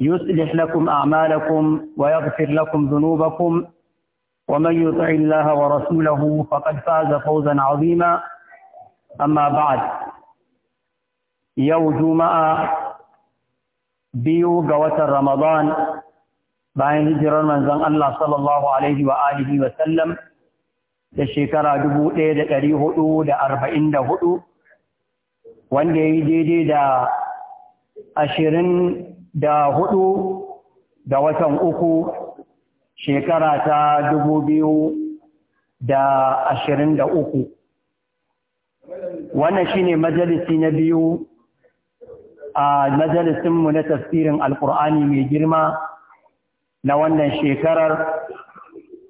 يصلح لكم أعمالكم ويغفر لكم ذنوبكم ومن يطع الله ورسوله فقد فاز فوزا عظيما أما بعد يوم جمعة biyu ga watan Ramadan bayan hijirar manzon Allah sallallahu Alaihi wa alihi wa sallam da shekara hudu wanda ya yi daidai da ashirin da hudu da watan uku shekara ta dubu biyu da ashirin da uku wannan shi ne majalisi na biyu a majalisinmu na tafsirin alkur'ani mai girma na wannan shekarar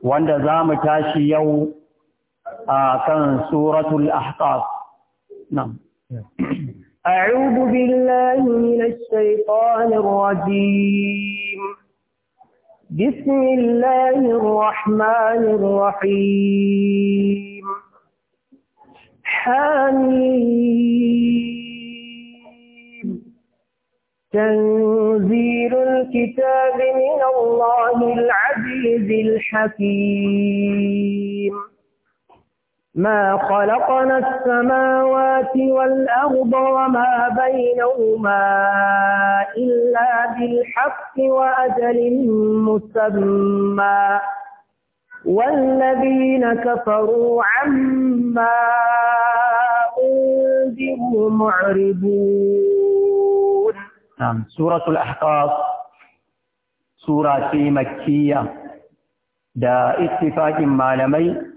wanda za mu tashi yau a kan suratul ahqaf أعوذ بالله من الشيطان الرجيم بسم الله الرحمن الرحيم حميم تنزيل الكتاب من الله العزيز الحكيم ما خلقنا السماوات والأرض وما بينهما إلا بالحق وأجل مسمى والذين كفروا عما أنذروا معرضون نعم سورة الأحقاف سورة مكية دا اتفاق لمي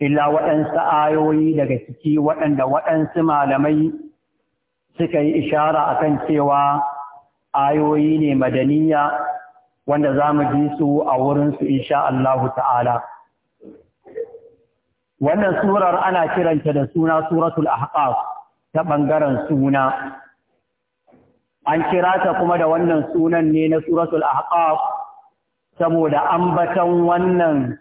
illa waɗansu ayoyi daga ciki waɗanda waɗansu malamai suka yi ishara a kan cewa ayoyi ne madaniya wanda za mu ji su a wurinsu insha Allahu ta'ala. Wannan surar ana kiranta da suna suratul ahqaf ta ɓangaren suna. An kira ta kuma da wannan sunan ne na suratul ahqaf saboda ambaton wannan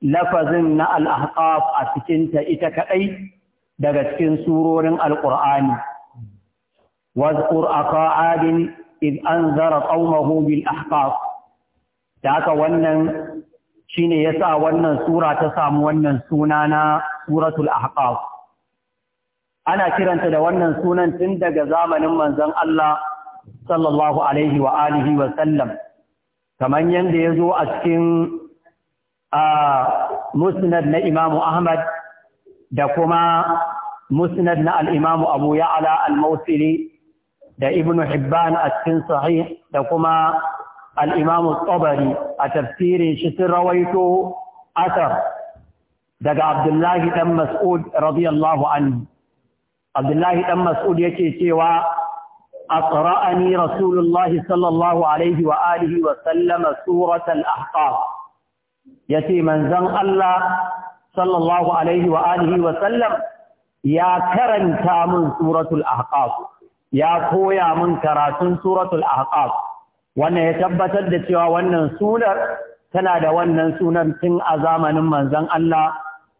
lafazin na al'ahqaf a cikinta ita kaɗai daga cikin surorin alƙur'ani. Wazkur a ka'adin iz an zara ƙaunahu bil ahqaf. Da aka wannan shi ne ya sa wannan sura ta samu wannan suna na suratul ahqaf. Ana kiranta da wannan sunan tun daga zamanin manzon Allah sallallahu Alaihi kamar yadda ya zo a cikin a musnad na imamu ahmad da kuma musnad na al'imamu abu ya'ala al-mausili da ibn hibban a cikin sahih da kuma al'imamu tsabari a tafsirin shi sun rawaito asar daga abdullahi ɗan mas'ud radiyallahu anhu abdullahi ɗan mas'ud yake cewa asra'ani رسول sallallahu alaihi wa عليه wa وسلم سورة الأحقاف ya ce manzan Allah sallallahu alaihi wa alihi wa sallam ya karanta min suratul ahqaf ya koya min karatun suratul ahqaf wannan ya tabbatar da cewa wannan sunar tana da wannan sunan tun a zamanin manzan Allah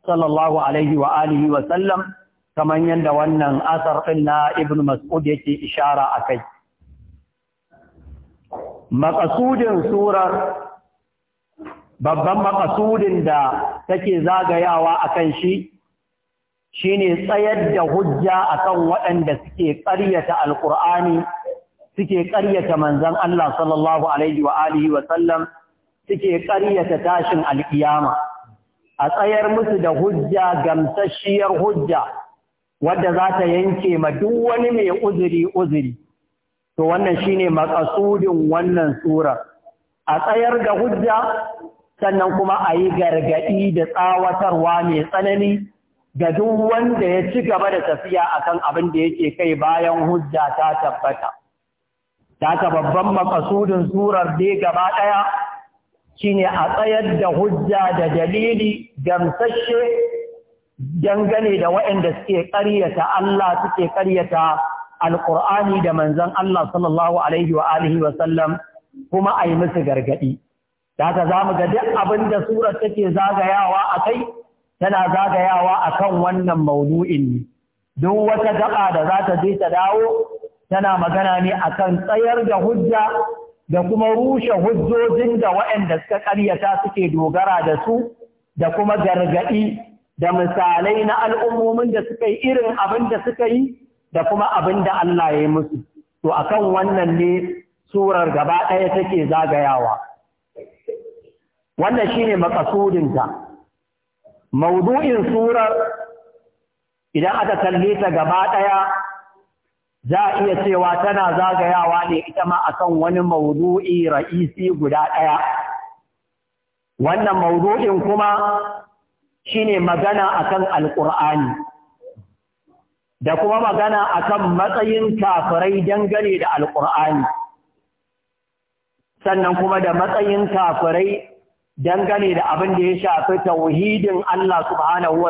sallallahu alaihi wa alihi wa sallam kamar yadda wannan asar ɗin na Ibn Mas'ud yake ishara a kai maƙasudin surar babban makasudin da take zagayawa akan shi shine tsayar da hujja akan waɗanda suke ƙaryata Alƙur'ani, suke ƙaryata manzon Allah sallallahu alaihi wa alihi suke ƙaryata tashin alƙiyama a tsayar musu da hujja gamsasshiyar hujja wadda za ta yanke ma duk wani mai uzuri uzuri to wannan shine makasudin wannan surar. a tsayar da hujja sannan kuma a yi gargaɗi da tsawatarwa mai tsanani ga duk wanda ya ci gaba da tafiya a kan abin da yake kai bayan hujja ta tabbata. Daga babban makasudin surar dai gaba ɗaya shine a tsayar da hujja da dalili gamsashe dangane da waɗanda suke karyata Allah suke karyata Alƙur'ani da manzon Allah sallallahu alaihi wa alihi wa sallam kuma a yi musu gargaɗi. Daga za mu ga duk abin da surar take zagayawa a kai, tana zagayawa a kan wannan maudu'in ne. Duk wata gaba da za ta je ta dawo, tana magana ne a kan tsayar da hujja da kuma rushe hujjojin da waɗanda suka ƙaryata suke dogara da su, da kuma gargaɗi da misalai na al'ummomin da suka yi irin abin da suka yi, da kuma abin da Allah ya yi musu. To, akan wannan ne surar gaba ɗaya take zagayawa. wannan shine makasudinta maudu'in surar idan aka kalle ta gaba ɗaya za a iya cewa tana zagayawa ne ita ma akan wani maudu'i ra'isi guda ɗaya wannan maudu'in kuma shine magana akan alƙur'ani da kuma magana akan matsayin kafirai dangane da alƙur'ani sannan kuma da matsayin kafirai dangane da abin da ya shafi tauhidin Allah subhanahu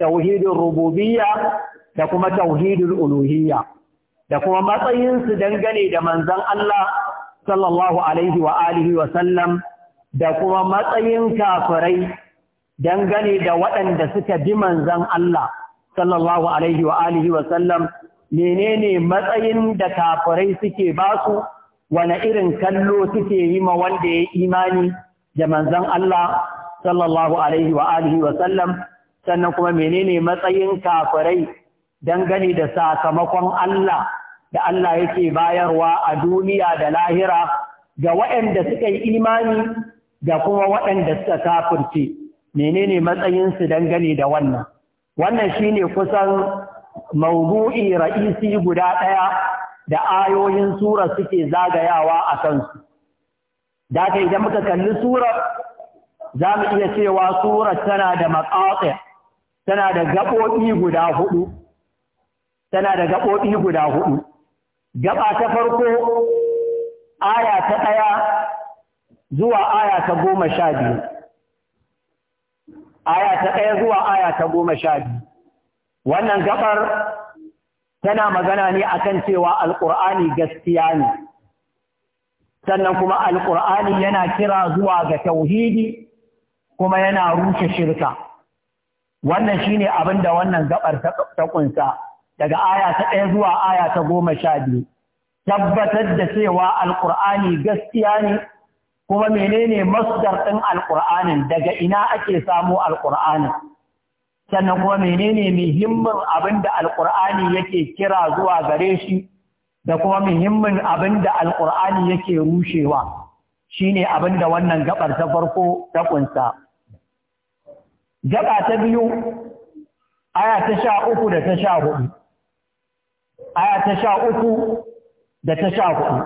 tauhidin rububiyya da kuma tauhidin uluhiyya, da kuma matsayinsu dangane da manzan Allah sallallahu Alaihi wa alihi wa sallam da kuma matsayin kafirai dangane da waɗanda suka bi manzan Allah sallallahu Alaihi wa alihi wa sallam menene matsayin da kafirai suke basu, wane irin kallo suke yi ma wanda ya imani. da manzon Allah sallallahu alaihi wa alihi wa sannan kuma menene matsayin kafirai dangane da sakamakon Allah da Allah yake bayarwa a duniya da lahira ga waɗanda suka yi imani ga kuma waɗanda suka kafirce menene matsayin matsayinsu dangane da wannan wannan shine kusan mawdu'i ra'isi guda ɗaya da ayoyin sura suke zagayawa a kansu da haka idan muka kalli sura za mu iya cewa sura tana da maƙaƙe tana da gaɓoɓi guda hudu tana da gaɓoɓi guda hudu gaba ta farko aya ta ɗaya zuwa aya ta goma sha biyu aya ta ɗaya zuwa aya ta goma sha biyu wannan gaɓar tana magana ne akan cewa alƙur'ani gaskiya ne sannan kuma alƙur'ani yana kira zuwa ga tauhidi kuma yana rushe shirka wannan shine abin da wannan gabar ta kunsa daga aya ta ɗaya zuwa aya ta goma sha biyu tabbatar da cewa alƙur'ani gaskiya ne kuma menene masdar ɗin alƙur'anin daga ina ake samo alƙur'anin sannan kuma menene muhimmin abin da alƙur'ani yake kira zuwa gare shi da kuma muhimmin abin da alƙur'ani yake rushewa shine abin da wannan gabar ta farko ta kunsa gaba ta biyu aya ta sha uku da ta sha hudu aya ta sha uku da ta sha hudu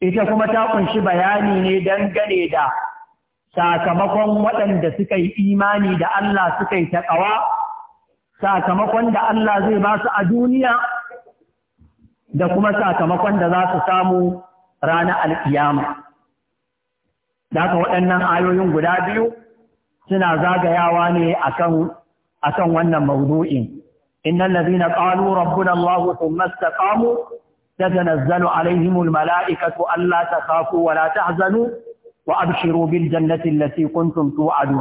ita kuma ta kunshi bayani ne don gane da sakamakon waɗanda suka yi imani da Allah suka yi taƙawa sakamakon da Allah zai ba su a duniya da kuma sakamakon da za su samu ranar alkiyama. daka waɗannan ayoyin guda biyu suna zagayawa ne a kan wannan maudu'in. Innan lazina ƙalu rabbun Allah sun mastaƙamu ta tanazzalu alaihimul mala'ikatu Allah ta kafu wa la ta hazanu wa abshiru bil jannatin lati kuntum tu'adu.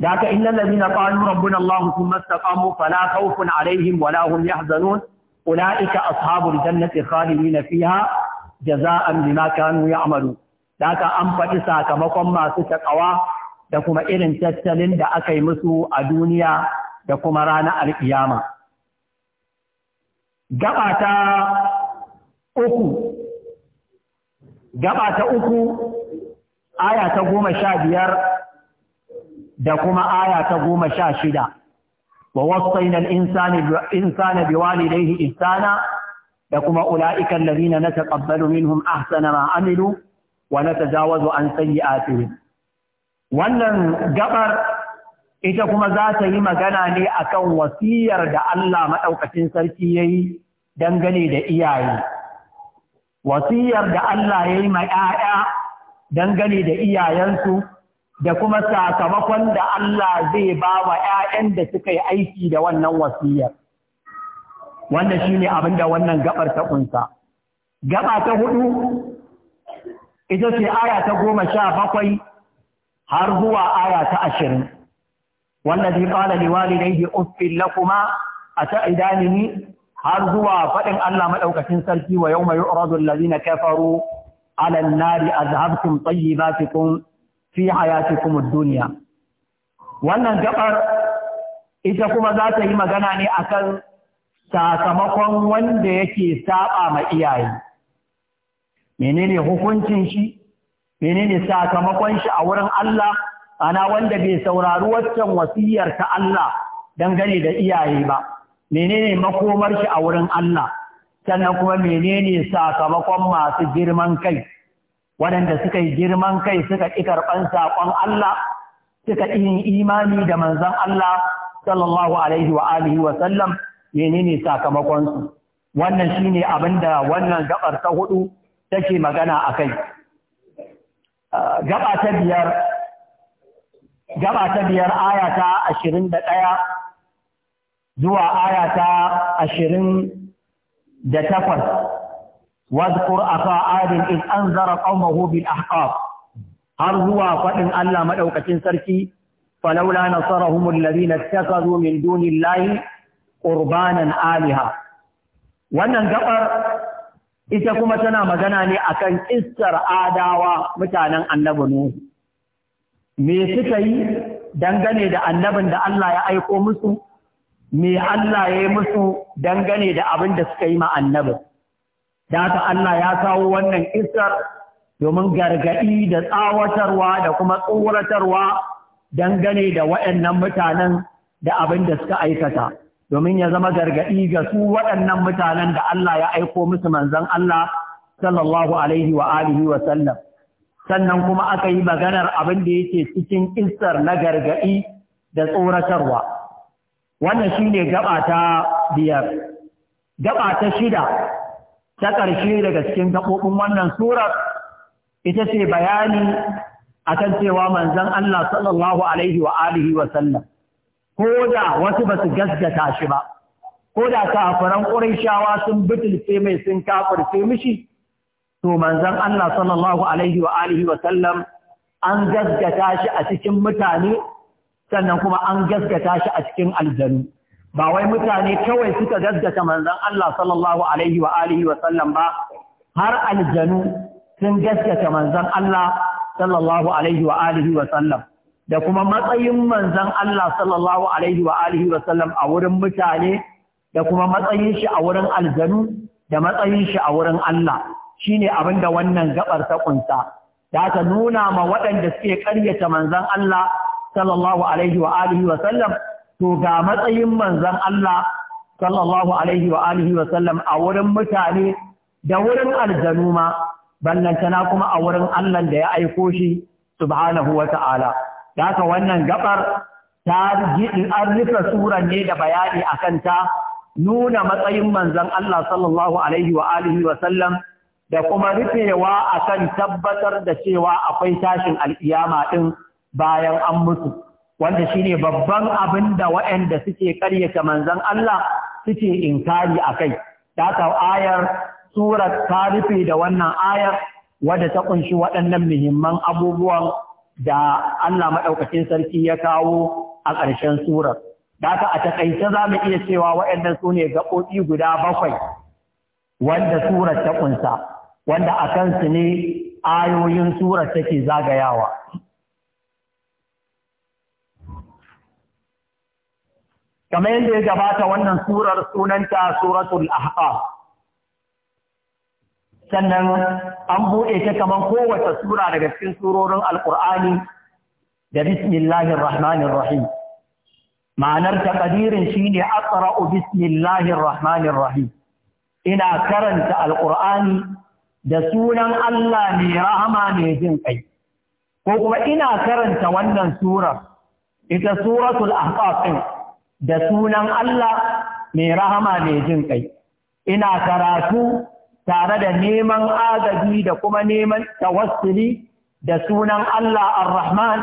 Daga innan lazina ƙalu rabbun Allah sun mastaƙamu fala khawfun alaihim wa la hum yahzanun ulaika ashabul jannati khalidina fiha jaza'an bima kanu ya'malu daka an faɗi sakamakon masu takawa da kuma irin tattalin da aka yi musu a duniya da kuma ranar alkiyama gaba ta uku gaba goma sha biyar da kuma aya ta goma sha shida ووصينا الإنسان الإنسان بوالديه إحسانا لكم أولئك الذين نتقبل منهم أحسن ما عملوا ونتجاوز عن سيئاتهم wannan gabar ita kuma za ta yi magana ne akan wasiyar da Allah maɗaukacin sarki ya yi dangane da iyaye wasiyar da Allah ya yi ma 'ya'ya dangane da iyayensu da kuma sakamakon da Allah zai ba wa ‘ya'yan da suka yi aiki da wannan wasiyar. Wannan shi ne abin da wannan gabar ta ƙunsa. Gaba ta hudu, ita ce aya ta goma sha bakwai har zuwa aya ta ashirin. Wannan zai ƙala liwali da yake uffin kuma a ta idanini har zuwa faɗin Allah maɗaukacin sarki wa yau mai yu'radun lalina kafaru alannari azhabtum tayyibatikum fi hayati kuma duniya. wannan gabar ita kuma za ta yi magana ne akan sakamakon wanda yake saba ma iyaye menene hukuncin shi menene sakamakon shi a wurin Allah ana wanda bai saurari waccan wasiyar ta Allah dangane da iyaye ba menene makomar shi a wurin Allah sannan kuma menene sakamakon masu girman kai waɗanda suka yi girman kai suka ƙi karɓar saƙon Allah suka yin imani da manzon Allah sallallahu alaihi wa alihi wa sallam menene sakamakon su wannan shine abin da wannan gabar ta hudu take magana akai ah, gaba ta biyar gaba ta biyar aya ta 21 zuwa aya ta takwas. Waskur aka adin in an zara ƙaunahu bil ahqaf har zuwa faɗin Allah maɗaukacin sarki, falaula na sarahumun lalina suka zo min dunin layi ƙurbanin aliha. Wannan gaɓar ita kuma tana magana ne a kan ƙistar adawa mutanen annabi Nuhu. Me suka yi dangane da annabin da Allah ya aiko musu, me Allah ya yi musu dangane da abin da suka yi ma annabin. da haka Allah ya kawo wannan isar domin gargaɗi da tsawatarwa da kuma tsoratarwa dangane da waɗannan mutanen da abin da suka aikata domin ya zama gargaɗi ga su waɗannan mutanen da Allah ya aiko musu manzon Allah sallallahu alaihi wa alihi wa sallam sannan kuma aka yi maganar abin da yake cikin isar na gargaɗi da tsoratarwa wannan shine gaba ta biyar gaba ta shida ta ƙarshe daga cikin gaɓoɓin wannan surar ita ce bayani akan cewa manzon Allah sallallahu alaihi wa alihi wa sallam ko da wasu ba su gaskata shi ba ko da kafiran ƙurayshawa sun bitilce mai sun kafirce mishi to manzon Allah sallallahu alaihi wa alihi wa sallam an gaskata shi a cikin mutane sannan kuma an gaskata shi a cikin aljanu ba wai mutane kawai suka gaskata manzan Allah sallallahu alaihi wa alihi wa sallam ba har aljanu sun gaskata manzan Allah sallallahu alaihi wa alihi wa sallam da kuma matsayin manzan Allah sallallahu alaihi wa alihi wa sallam a wurin mutane da kuma matsayin shi a wurin aljanu da matsayin shi a wurin Allah shine abinda wannan gabar ta kunta. da ta nuna ma waɗanda suke ƙaryata manzan Allah sallallahu alaihi wa alihi wa sallam to ga matsayin manzon Allah sallallahu alaihi wa alihi wa sallam a wurin mutane da wurin aljanu ma ballantana kuma a wurin Allah da ya aiko shi subhanahu wa ta'ala da haka wannan gabar ta an rufe suran ne da bayani akan ta nuna matsayin manzon Allah sallallahu alaihi wa alihi wa sallam da kuma rufewa akan tabbatar da cewa akwai tashin al'iyama din bayan an mutu wanda shi ne babban abin da waɗanda suke ƙaryata manzan Allah suke inkari a kai. ta ayar surar ta rufe da wannan ayar wadda ta kunshi waɗannan muhimman abubuwan da Allah maɗaukacin sarki ya kawo a ƙarshen surar da a taƙaice za mu iya cewa waɗanda su ne gaɓoɓi guda bakwai wanda surar ta kunsa wanda a kansu ne ayoyin surar take zagayawa kamar yadda ya gabata wannan surar sunanta suratul ahqaf sannan an buɗe ta kamar kowace sura daga cikin surorin alqur'ani da bismillahir rahmanir rahim ma'anar taqdirin shine aqra'u bismillahir rahmanir rahim ina karanta alqur'ani da sunan Allah mai rahama mai jin kai ko kuma ina karanta wannan sura ita suratul ahqaf din da sunan Allah mai rahama mai jin kai ina karatu tare da neman agaji da kuma neman tawassuli da sunan Allah ar-Rahman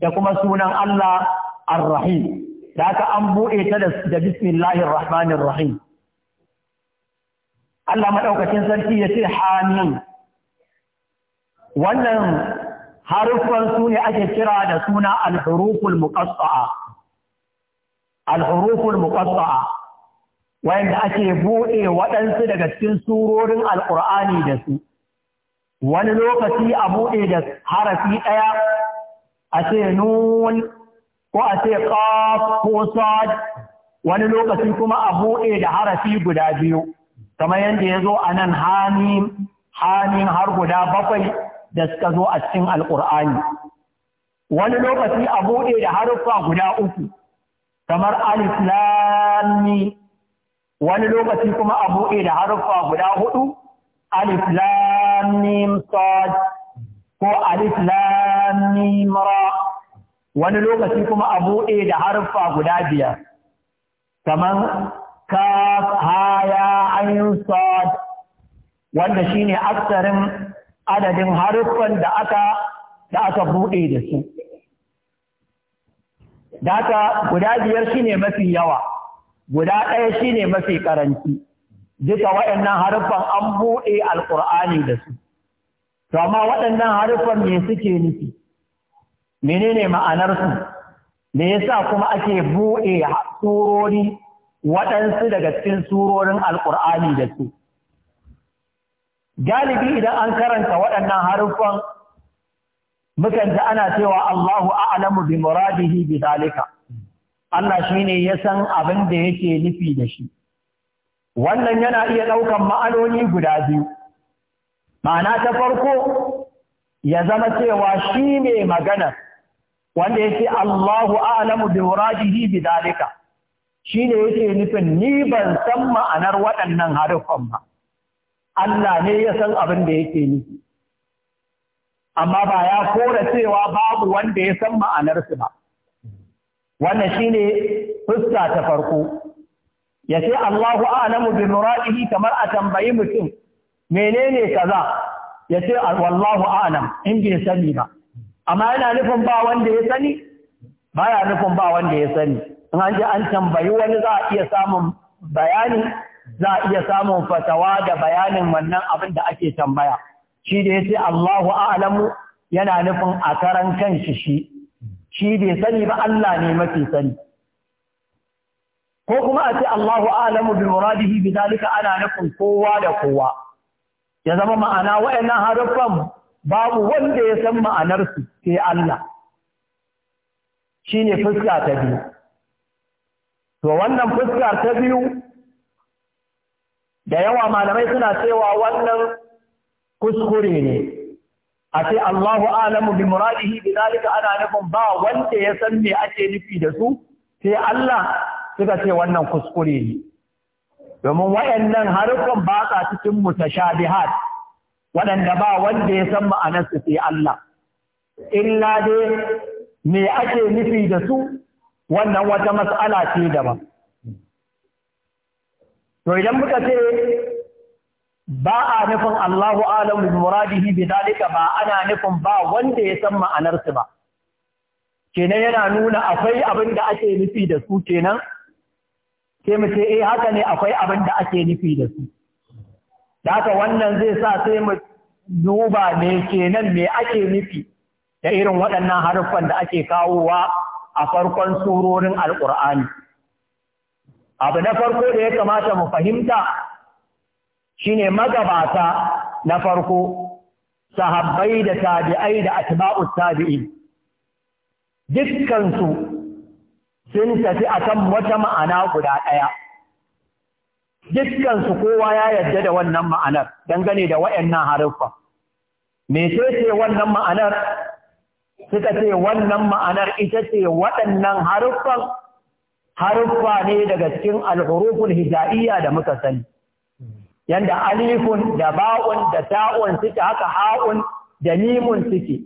da kuma sunan Allah ar-Rahim da aka an buɗe ta da bismillahir rahmanir rahim Allah madaukakin sarki ya ce hamin wannan harufan su ne ake kira da suna al-huruful muqassaa al-huruful wayanda wanda ake buɗe waɗansu daga cikin surorin Alƙur'ani da su wani lokaci a buɗe da harafi ɗaya a ce nun ko a ce ƙaf, ko sad wani lokaci kuma a buɗe da harafi guda biyu kamar yadda ya zo a nan hamim hamim har guda bakwai da suka zo a cikin alƙur'ani wani lokaci a buɗe da haruffa guda uku kamar alif lam wani lokaci kuma a buɗe da harfa guda hudu alif lam sad ko alif lam mim wani lokaci kuma a buɗe da harfa guda biyar kamar kaf Haya ayin sad wanda shine aksarin adadin haruffan da aka da aka buɗe da su data guda biyar shi ne mafi yawa guda ɗaya shi ne mafi ƙaranci, duka waɗannan haruffan an buɗe alƙur'ani da su to waɗannan haruffan me suke nufi menene ma'anarsu me yasa kuma ake buɗe surori waɗansu daga cikin surorin alƙur'ani da su galibi idan an karanta waɗannan haruffan mukan ji ana cewa Allahu a'lamu bi muradihi bi dalika Allah shine ya san abin da yake nufi da shi wannan yana iya daukan ma'anoni guda biyu ma'ana ta farko ya zama cewa shi ne magana wanda yake Allahu a'lamu bi muradihi bi dalika shine yake nufin ni ban san ma'anar waɗannan haruffan ba Allah ne ya san abin da yake nufi amma ba ya kora cewa babu wanda ya san ma'anarsu ba wannan shi ne fuska ta farko ya ce Allahu a'lamu bin muradihi kamar a tambayi mutum menene kaza ya ce wallahu a'lam in bai sani ba amma yana nufin ba wanda ya sani Ba baya nufin ba wanda ya sani in an ji an tambayi wani za a iya samun bayani za a iya samun fatawa da bayanin wannan abin da ake tambaya shi da ya ce Allahu a'lamu yana nufin a karan kanshi shi shi da ya sani ba Allah ne mafi sani ko kuma a ce Allahu a'lamu bin muradihi bi zalika ana nufin kowa da kowa ya zama ma'ana wayannan haruffan babu wanda ya san ma'anarsu, sai Allah Shi ne fuska ta biyu to wannan fuska ta biyu da yawa malamai suna cewa wannan kuskure ne a ce Allahu alamu bi muradihi bi ana nufin ba wanda ya san me ake nufi da su sai Allah suka ce wannan kuskure ne domin wayannan harufan ba sa cikin mutashabihat waɗanda ba wanda ya san ma'anar su sai Allah illa dai me ake nufi da su wannan wata mas'ala ce daban to idan muka ce ba a nufin Allahu alam bi muradihi bi dalika ba ana nufin ba wanda ya san ma'anar su ba kenan yana nuna akwai abin da ake nufi da su kenan sai mu ce eh haka ne akwai abin da ake nufi da su da haka wannan zai sa sai mu duba me kenan me ake nufi da irin waɗannan haruffan da ake kawowa a farkon surorin alƙur'ani abu na farko da ya kamata mu fahimta shine magabata na farko sahabbai da tabi'ai da atba'u tabi'i dukkansu sun tafi a akan wata ma'ana guda ɗaya dukkansu kowa ya yarda da wannan ma'anar dangane da wayannan haruffa me ce wannan ma'anar suka ce wannan ma'anar ita ce waɗannan haruffan haruffa ne daga cikin alhuruful hija'iyya da muka sani yanda alifun da ba'un da ta'un suke haka ha'un da mimun suke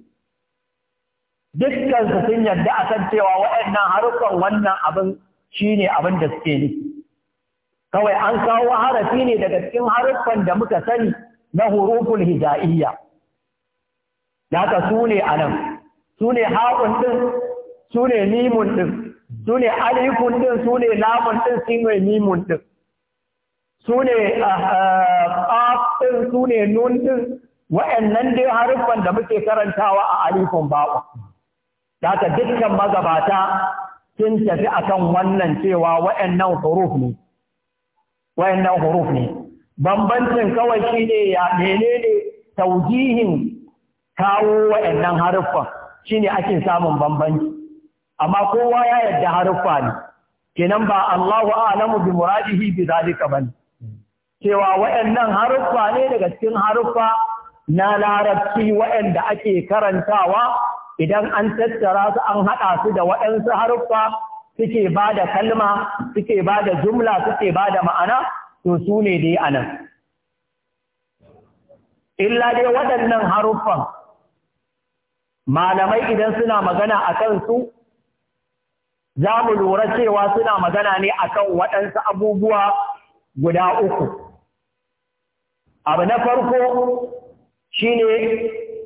dukkan su sun yarda akan cewa waɗannan haruffan wannan abin shine abin da suke niki, kawai an kawo harafi ne daga cikin haruffan da muka sani na huruful hijaiyya da haka su ne a nan su ne ɗin su ne mimun ɗin su ne alifun ɗin su ne lamun ɗin sune mimun ɗin su ne ƙafin ah, ah, su ne nun ɗin nan dai haruffan da muke karantawa a alifin bawa. Daga dukkan magabata sun tafi kan wannan cewa wa'annan huruf ne. huruf ne. Bambancin kawai shi ne ya menene taujihin kawo wayannan haruffan shi ne ake samun bambanci. Amma kowa ya yarda haruffa ne. Kenan ba Allahu a'lamu bi muradihi bi zalika bane. cewa waɗannan haruffa ne daga cikin haruffa na larabci waɗanda ake karantawa idan an tattara su an haɗa su da waɗansu haruffa suke ba da kalma suke ba da jumla suke ba da ma'ana to su ne dai a nan illa dai waɗannan haruffan malamai idan suna magana a kansu za mu lura cewa suna magana ne a kan waɗansu abubuwa guda uku abu na farko shi ne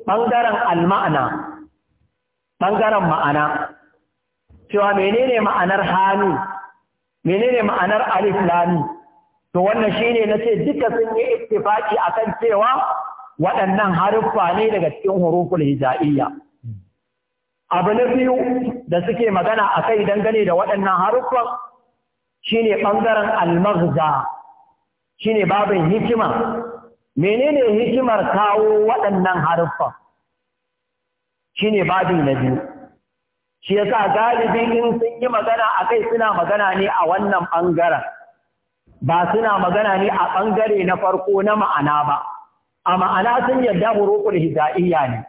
ɓangaren alma'ana ɓangaren ma'ana cewa menene ma'anar hannu menene ma'anar alif lami to wannan na ce duka sun yi a kan cewa waɗannan haruffa ne daga cikin huruful hijaiyya abu na biyu da suke magana a kai dangane da waɗannan haruffan ne ɓangaren Shi ne babin hikima menene hikimar kawo waɗannan haruffan ne babi na biyu shi sa galibin in sun yi magana a kai suna magana ne a wannan ɓangaren ba suna magana ne a ɓangare na farko na ma'ana ba a ma'ana sun yarda huruful hida'iyya ne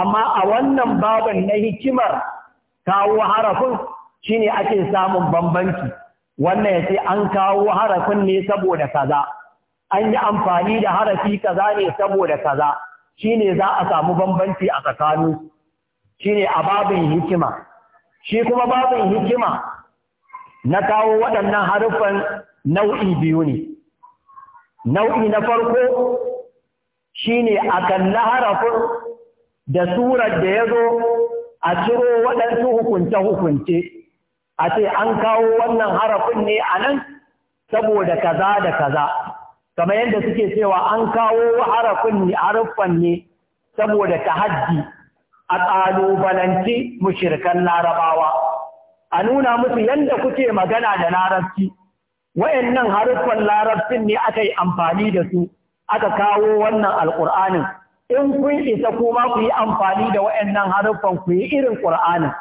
amma a wannan baban na hikimar kawo harafin shi ne ake samun bambanci wannan ya ce an kawo harafin ne saboda kaza an yi amfani da harafi kaza ne saboda kaza shine za a samu bambanci a tsakanin shine a babin hikima shi kuma babin hikima na kawo waɗannan harufan nau'i biyu ne nau'i na farko shine a kalli harafin da surar da ya zo a ciro waɗansu hukunce-hukunce a ce an kawo wannan harafin ne a nan saboda kaza da kaza kamar yadda suke cewa an kawo harafin ne haruffan ne saboda ta haddi a ƙalubalanci mushirkan larabawa a nuna musu yadda kuke magana da larabci wayannan haruffan larabcin ne aka yi amfani da su aka kawo wannan alƙur'anin in kun isa kuma ku yi amfani da wayannan haruffan ku yi irin ƙur'anin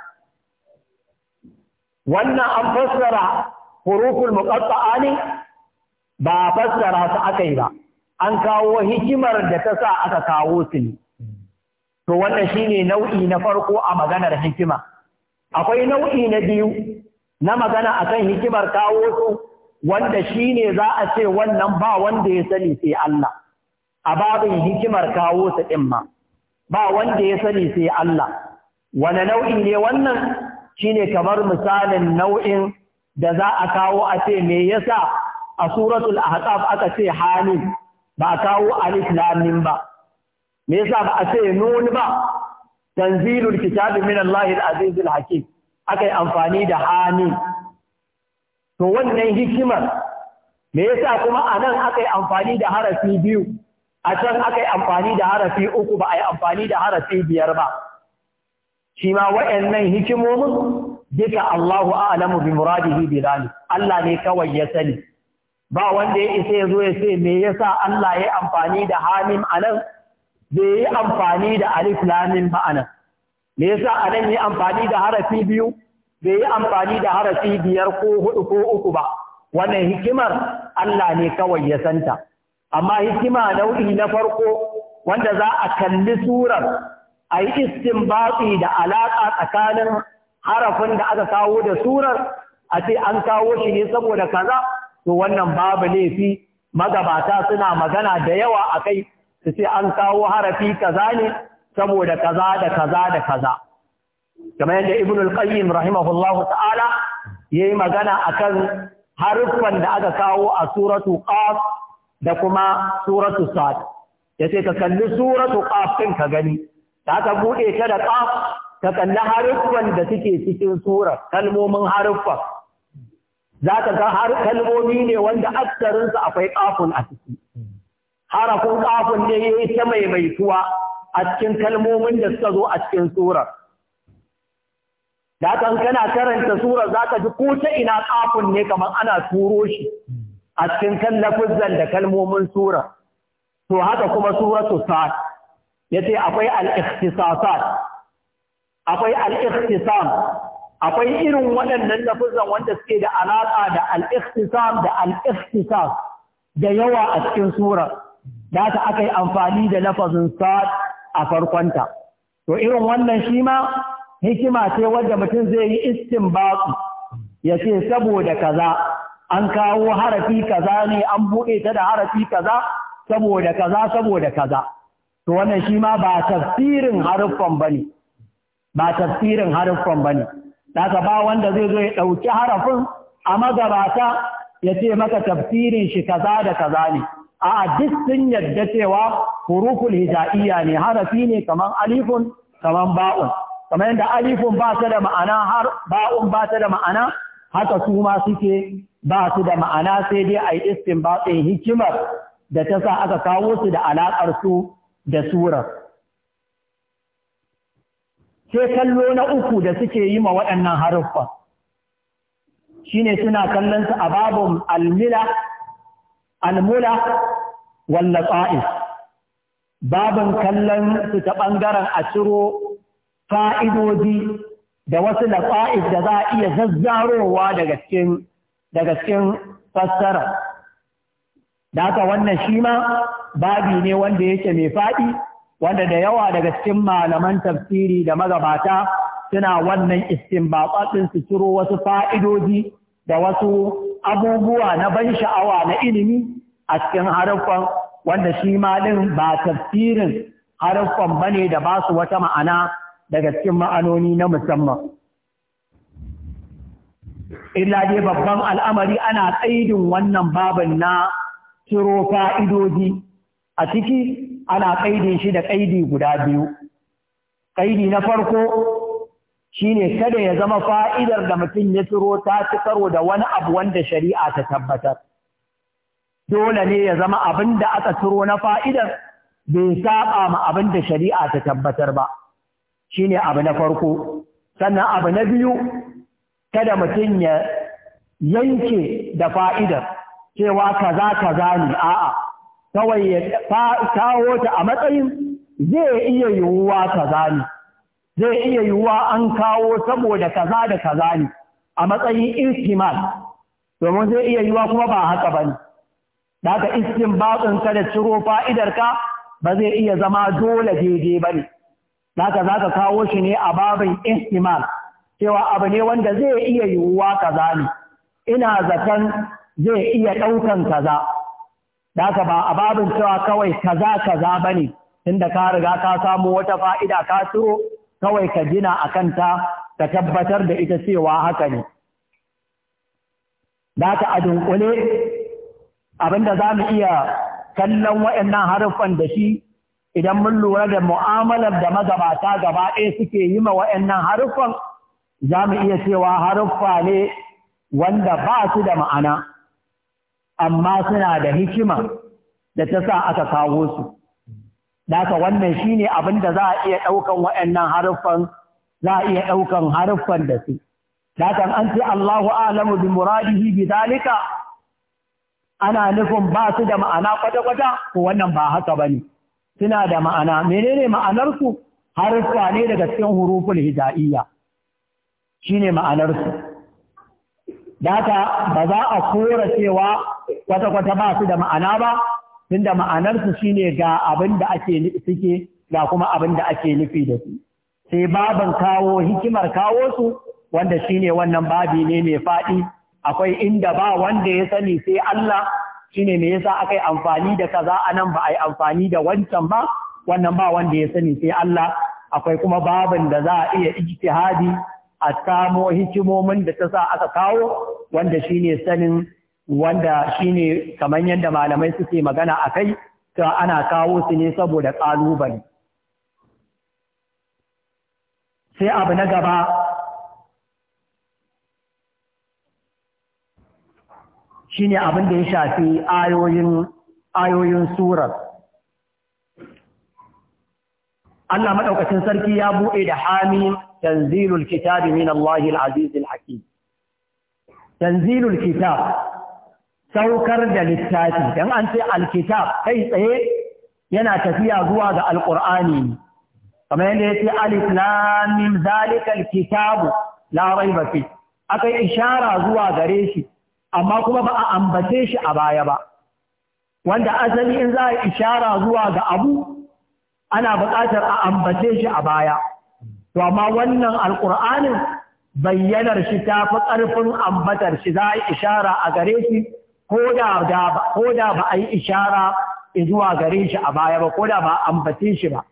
wannan an fassara huruful muqatta'a ne ba a fassara su aka yi ba an kawo hikimar da ta sa aka kawo su ne to wannan shine nau'i na farko a maganar hikima akwai nau'i na biyu na magana akan hikimar kawo su wanda shine za a ce wannan ba wanda ya sani sai Allah a babin hikimar kawo su din ma ba wanda ya sani sai Allah wani nau'i ne wannan shine kamar misalin nau'in da za a kawo a ce me yasa a suratul ahqaf aka ce hamim ba kawo alif lam ba me yasa ba a ce nun ba tanzilul kitabi min Allah al hakim akai amfani da hamim to wannan hikimar me yasa kuma anan akai amfani da harafi biyu a can akai amfani da harafi uku ba ai amfani da harafi biyar ba shi ma wayannan hikimomin duka Allahu a'lamu bi muradihi bi Allah ne kawai ya sani ba wanda ya isa ya zo ya ce me yasa Allah ya amfani da hamim anan bai yi amfani da alif lamin ba me yasa anan ya amfani da harafi biyu bai yi amfani da harafi biyar ko hudu ko uku ba wannan hikimar Allah ne kawai ya santa amma hikima nau'i na farko wanda za a kalli surar a yi batsi da alaƙa tsakanin harafin da aka kawo da surar a ce an kawo shi ne saboda kaza to wannan babu laifi magabata suna magana da yawa a kai su ce an kawo harafi kaza ne saboda kaza da kaza da kaza kamar yadda ibn al-qayyim rahimahullahu ta'ala yayi magana akan haruffan da aka kawo a suratu qaf da kuma suratu sad ce ka kalli suratu qaf ɗin ka gani da ka buɗe ta da qaf ka kalli haruffan da suke cikin surar kalmomin haruffan za ka ga har kalmomi ne wanda aksarinsa akwai ƙafun a ciki harafin ƙafun ne ya yi ta maimaituwa a cikin kalmomin da suka zo a cikin surar da kan kana karanta surar za ka ji ko ta ina ƙafun ne kamar ana turo shi a cikin kallafin da kalmomin surar to haka kuma suratu sa'ad ya ce akwai al akwai al akwai irin waɗannan lafuzan wanda suke da alaƙa da al da al da yawa a cikin surar da ta aka yi amfani da lafazin sa'ad a farkonta to irin wannan shi ma hikima ce wadda mutum zai yi istinbatu ya ce saboda kaza an kawo harafi kaza ne an buɗe ta da harafi kaza saboda kaza saboda kaza to wannan shi ma ba tafsirin haruffan ba tafsirin haruffan bane daga ba wanda zai zo ya ɗauki harafin a magabata ya ce maka tafsirin shi kaza da kaza ne a duk sun yadda cewa huruful hija'iyya ne harafi ne kamar alifun kamar ba'un kamar yadda alifun ba su da ma'ana har ba'un ba su da ma'ana haka su ma suke ba su da ma'ana sai dai a yi istin istinbatsin hikimar da ta sa aka kawo su da alaƙar su da surar sai kallo na uku da suke yi ma waɗannan haruffa shine suna kallon su a babun almila almula walla ta'if babun kallon su ta ɓangaren a ciro fa'idodi da wasu lafa'if da za a iya zazzarowa daga cikin daga cikin fassara da haka wannan shi ma babi ne wanda yake mai faɗi wanda da yawa daga cikin malaman tafsiri da magabata suna wannan istinbatsin su ciro wasu fa'idodi da wasu abubuwa na ban sha'awa na ilimi a cikin haruffan wanda shi ma ɗin ba tafsirin haruffan ba ne da ba su wata ma'ana daga cikin ma'anoni na musamman. Illa dai babban al'amari ana tsaidin wannan babin na ciro fa'idodi a ciki ana kaidin shi da kaidi guda biyu kaidi na farko shine kada ya zama fa'idar da mutum ya turo ta tsaro da wani abu wanda shari'a ta tabbatar dole ne ya zama abin da aka turo na fa'idar bai saba ma abin da shari'a ta tabbatar ba shine abu na farko sannan abu na biyu kada mutum ya yanke da fa'idar cewa kaza kaza ne a'a kawai ya kawo ta a matsayin zai iya yiwuwa kaza ne zai iya yiwuwa an kawo saboda kaza da kaza ne a matsayin istimal domin zai iya yiwuwa kuma ba haka bane da ka haka ka da ciro fa'idarka ba zai iya zama dole daidai bane da za zaka kawo shi ne a babin istimal cewa abu ne wanda zai iya yiwuwa kaza ne ina zaton zai iya ɗaukan kaza Da haka ba a babin cewa kawai kaza kaza ba ne, inda ka riga ka samu wata fa'ida ka tsoro kawai ka gina a kanta ka tabbatar da ita cewa haka ne. Da haka a dunkule abinda za mu iya kallon waɗannan haruffan da shi idan mun lura da mu'amalar da magabata gaba ɗaya suke yi ma waɗannan haruffan za mu iya cewa haruffa ne wanda ba su da ma'ana. amma suna da hikima da ta sa aka kawo su Daka wannan shine abin da za a iya ɗaukan waɗannan haruffan za a iya ɗaukan haruffan da su dakan an ce Allahu a'lamu bi muradihi bi zalika ana nufin ba su da ma'ana kwata-kwata Ko wannan ba haka ba ne. suna da ma'ana menene ma'anar su haruffa ne daga cikin huruful hija'iyya shine ma'anar su Data ba za a kora cewa kwata-kwata ba su da ma'ana ba da ma'anarsu shi ne ga abin da ake suke ga kuma abin da ake nufi da su sai babin kawo hikimar kawo su wanda shi ne wannan babi ne mai faɗi akwai inda ba wanda ya sani sai Allah Shi ne me yasa aka yi amfani da kaza nan? ba a yi amfani da wancan ba wannan ba wanda ya sani sai Allah akwai kuma babin da za a iya ijtihadi a kamo hikimomin da ta sa aka kawo wanda shi ne sanin wanda shi ne kamar yadda malamai suke magana a kai ta ana kawo su ne saboda ƙalubale sai abu na gaba Shi ne abin da ya shafi ayoyin ayoyin surar Allah maɗaukacin sarki ya buɗe da hamim تنزيل الكتاب من الله العزيز الحكيم تنزيل الكتاب saukar da littafi dan an ce alkitab kai tsaye yana tafiya zuwa ga Alƙur'ani kamar yadda yake alif lam mim zalika alkitab la raiba fi ishara zuwa gare shi amma kuma ba a ambace shi a baya ba wanda asali in za a ishara zuwa ga abu ana buƙatar a ambace shi a baya to amma wannan alƙur'anin bayyanar shi ta fi ƙarfin ambatar shi za a yi ishara a gare shi ko da ba a yi ishara zuwa gare shi a baya ba ko da ba ambace shi ba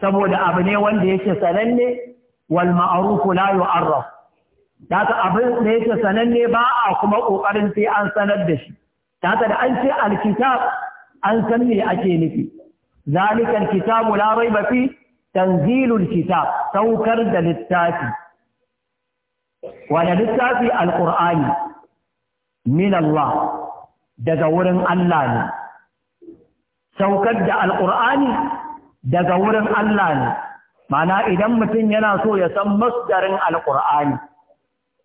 saboda abu ne wanda yake sananne wal ma'arufu la yu'arraf daga abin da yake sananne ba a kuma kokarin sai an sanar da shi daga da an ce alkitab an san me ake nufi zalikal kitabu la raiba fi tanzilul kitab saukar da littafi da littafi alƙur'ani min Allah daga wurin Allah ne saukar da alƙur'ani daga wurin Allah ne mana idan mutum yana so ya san masdarin alƙur'ani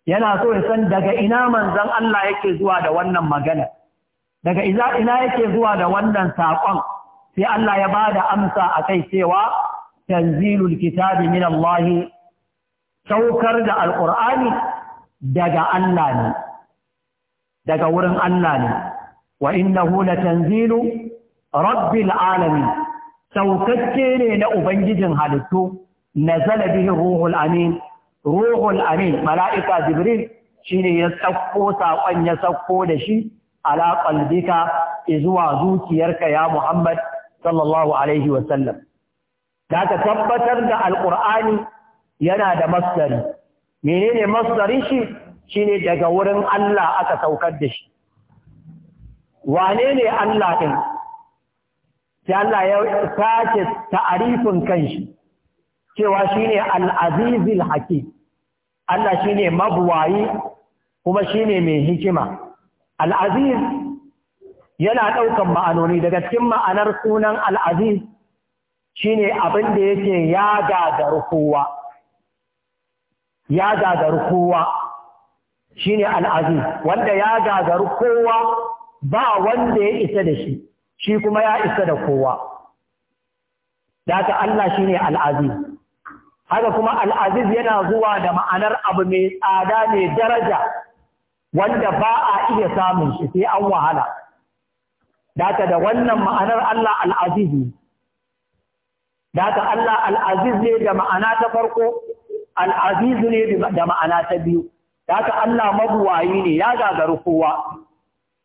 yana so ya san daga ina manzon Allah yake zuwa da wannan magana daga ina yake zuwa da wannan saƙon sai Allah ya bada amsa akai cewa tanzilul kitabi min Allah saukar da alqur'ani daga Allah daga wurin Allah ne wa innahu latanzilu rabbil alamin saukakke ne na ubangijin halittu nazala bihi ruhul amin ruhun amin mala'ika jibril shine ya sauko saƙon ya sauko da shi ala qalbika zuwa zuciyarka ya muhammad sallallahu alaihi wa sallam da ka tabbatar da alƙur'ani yana da masdari menene masdarin shi shine daga wurin Allah aka saukar da shi wane ne Allah ɗin sai Allah ya sace ta'arifin kanshi cewa shine al-azizul hakim Allah shine mabwayi kuma shine mai hikima al-aziz yana ɗaukan ma'anoni daga cikin ma'anar sunan al-aziz shine abin da yake ya gagar kowa ya gagar kowa shine al'aziz wanda ya gagar kowa ba wanda ya isa da shi shi kuma ya isa da kowa daga Allah shine al'aziz haka kuma al'aziz yana zuwa da ma'anar abu mai tsada mai daraja wanda ba a iya samun shi sai an wahala daga da wannan ma'anar Allah al'azizi da Allah al'aziz ne da ma'ana ta farko al'aziz ne da ma'ana ta biyu da Allah mabuwayi ne ya gagaru kowa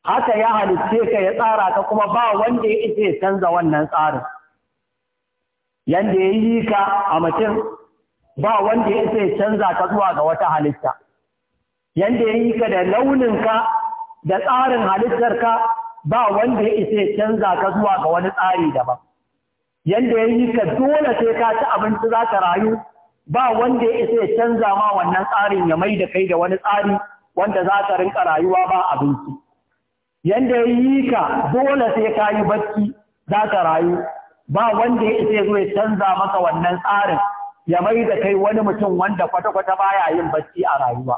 haka ya halitte ka ya tsara ka kuma ba wanda ya ita ya canza wannan tsarin yanda ya yi ka a mutum ba wanda ya ita ya canza ka zuwa ga wata halitta yanda ya yi ka da launinka da tsarin halittarka ba wanda ya isa ya canza ka zuwa ga wani tsari daban yanda ya yi ka dole sai ka ci abinci za ka rayu ba wanda ya isa ya canza ma wannan tsarin ya mai da kai da wani tsari wanda za ka rinka rayuwa ba abinci yanda ya yi ka dole sai ka yi bacci za ka rayu ba wanda ya isa ya zo ya canza maka wannan tsarin ya mai da kai wani mutum wanda kwata-kwata baya yin bacci a rayuwa.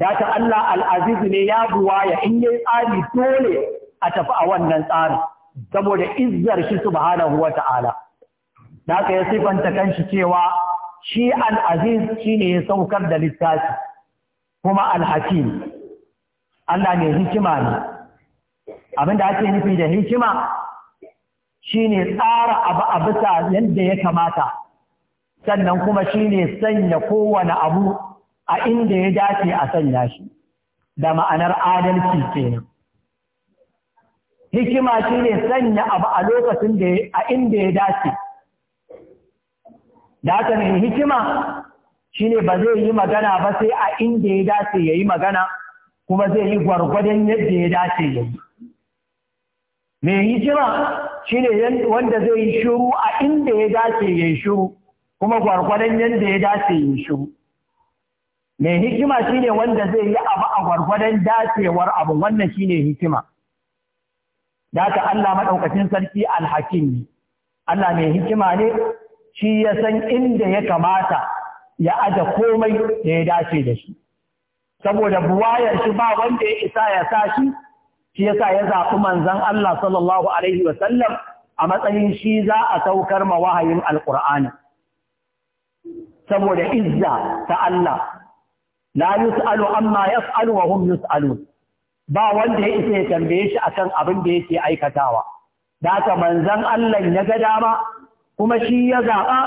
ta Allah al'azizu ne ya buwa ya in yi tsari dole a tafi a wannan tsarin. saboda izzar shi subhanahu wa ta'ala da haka ya sifanta kanshi cewa shi al-aziz shine ya saukar da littafi kuma al-hakim Allah ne hikima ne abinda ake nufi da hikima shine tsara abu a bisa yadda ya kamata sannan kuma shine sanya kowane abu a inda ya dace a sanya shi da ma'anar adalci kenan hikima shi ne sanya abu a lokacin da a inda ya dace da aka ne hikima shi ne ba zai yi magana ba sai a inda ya dace ya yi magana kuma zai yi gwargwadon yadda ya dace ya yi mai hikima shi ne wanda zai yi shuru a inda ya dace ya yi shuru kuma gwargwadon yadda ya dace ya yi shuru mai hikima shi ne wanda zai yi abu a gwargwadon dacewar abu wannan shi ne hikima da Allah maɗaukacin sarki alhakim ne Allah mai hikima ne shi ya san inda ya kamata ya aje komai da ya dace da shi saboda buwayar shi ba wanda ya isa ya sa shi shi yasa ya zaɓi manzon Allah sallallahu alaihi wa sallam a matsayin shi za a saukar ma wahayin alqur'ani saboda izza ta Allah la yus'alu amma yas'alu wa hum yus'alu ba wanda ya isa ya tambaye shi akan abin da yake aikatawa da ka manzon Allah ya ga dama kuma shi ya zaɓa